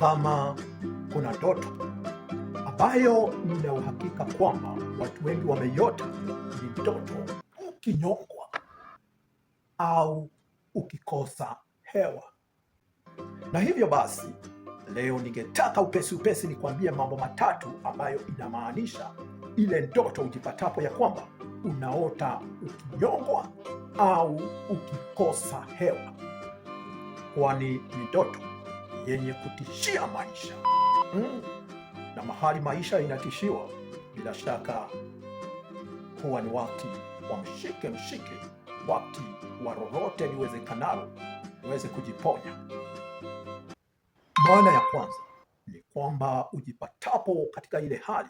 kama kuna ndoto ambayo nina uhakika kwamba watu wengi wameiota, ni ndoto ukinyongwa au ukikosa hewa. Na hivyo basi, leo ningetaka upesi upesi nikwambie mambo matatu ambayo inamaanisha ile ndoto ujipatapo ya kwamba unaota ukinyongwa au ukikosa hewa, kwani ni ndoto yenye kutishia maisha mm. Na mahali maisha inatishiwa, bila shaka huwa ni wakati wa mshike mshike, wakati wa lolote liwezekanalo uweze kujiponya. Maana ya kwanza ni kwamba ujipatapo katika ile hali,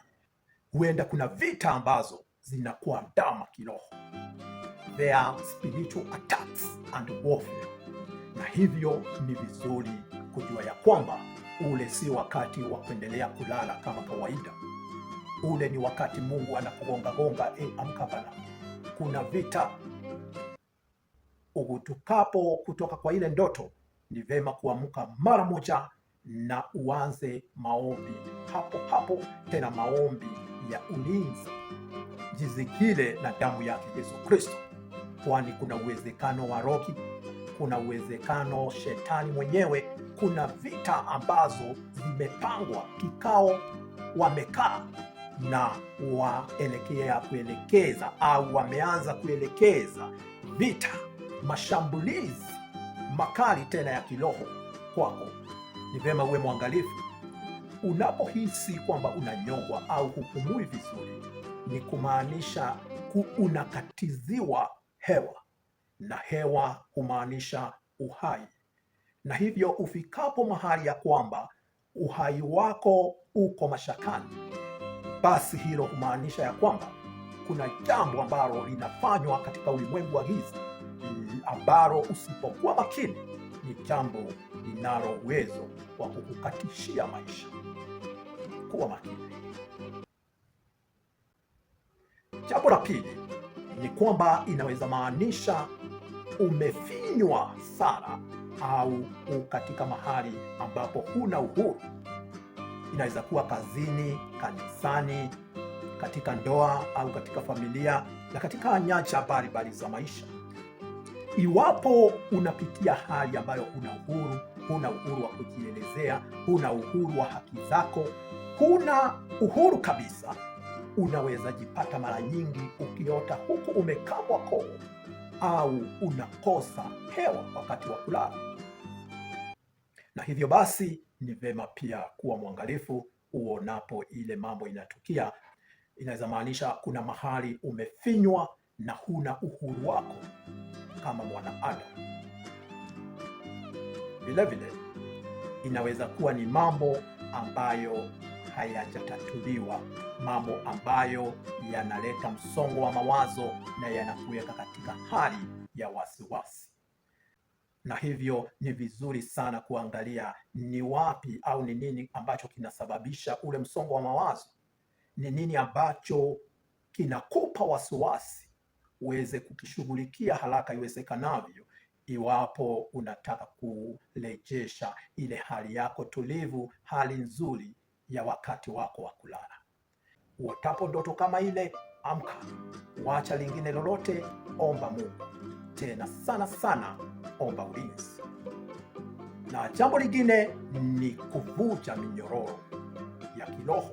huenda kuna vita ambazo zinakuandama kiroho, there spiritual attacks and warfare, na hivyo ni vizuri kujua ya kwamba ule si wakati wa kuendelea kulala kama kawaida. Ule ni wakati Mungu gonga, e, ee, amka bana, kuna vita. Ugutukapo kutoka kwa ile ndoto, ni vema kuamka mara moja na uanze maombi hapo hapo, tena maombi ya ulinzi jizikile na damu yake Yesu Kristo, kwani kuna uwezekano wa roki, kuna uwezekano shetani mwenyewe kuna vita ambazo zimepangwa kikao, wamekaa na waelekea kuelekeza au wameanza kuelekeza vita, mashambulizi makali tena ya kiroho kwako. Ni vema uwe mwangalifu unapohisi kwamba unanyongwa au hupumui vizuri, ni kumaanisha unakatiziwa hewa, na hewa humaanisha uhai na hivyo ufikapo mahali ya kwamba uhai wako uko mashakani, basi hilo humaanisha ya kwamba kuna jambo ambalo linafanywa katika ulimwengu wa giza ambalo usipokuwa makini ni jambo linalo uwezo wa kukukatishia maisha. Kuwa makini. Jambo la pili ni kwamba inaweza maanisha umefinywa sana au katika mahali ambapo huna uhuru. Inaweza kuwa kazini, kanisani, katika ndoa au katika familia na katika nyanja mbalimbali za maisha. Iwapo unapitia hali ambayo huna uhuru, huna uhuru wa kujielezea, huna uhuru wa haki zako, huna uhuru kabisa, unaweza jipata mara nyingi ukiota huku umekamwa koo au unakosa hewa wakati wa kulala, na hivyo basi ni vema pia kuwa mwangalifu uonapo ile mambo inatukia. Inaweza maanisha kuna mahali umefinywa na huna uhuru wako kama mwanadamu. Vilevile inaweza kuwa ni mambo ambayo hayajatatuliwa mambo ambayo yanaleta msongo wa mawazo na yanakuweka katika hali ya wasiwasi. Na hivyo ni vizuri sana kuangalia ni wapi au ni nini ambacho kinasababisha ule msongo wa mawazo, ni nini ambacho kinakupa wasiwasi, uweze kukishughulikia haraka iwezekanavyo, iwapo unataka kurejesha ile hali yako tulivu, hali nzuri ya wakati wako wa kulala. Uotapo ndoto kama ile, amka, wacha lingine lolote, omba Mungu. Tena sana sana, omba ulinzi. Na jambo lingine ni kuvuja minyororo ya kiroho,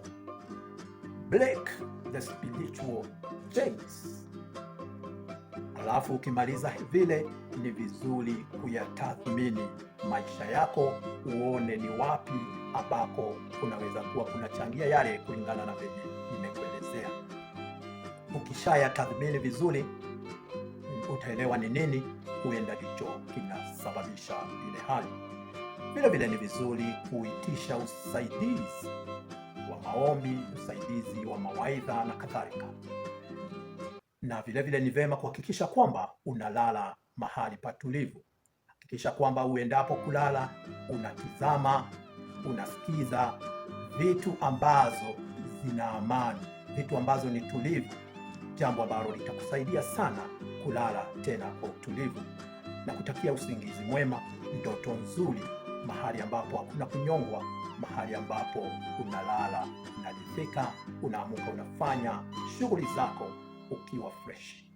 break the spiritual chains. Alafu ukimaliza vile, ni vizuri kuyatathmini maisha yako, uone ni wapi ambako kunaweza kuwa kunachangia yale kulingana na vyenyewe ukishayatathmini vizuri utaelewa ni nini huenda ndicho kinasababisha ile hali. vilevile ni vizuri kuitisha usaidizi wa maombi, usaidizi wa mawaidha na kadhalika, na vile vile ni vema kuhakikisha kwamba unalala mahali patulivu. Hakikisha kwamba uendapo kulala unatizama, unasikiza vitu ambazo zina amani, vitu ambazo ni tulivu jambo ambalo litakusaidia sana kulala tena kwa utulivu na kutakia usingizi mwema, ndoto nzuri, mahali ambapo hakuna kunyongwa, mahali ambapo unalala, unajifika, unaamuka, unafanya shughuli zako ukiwa freshi.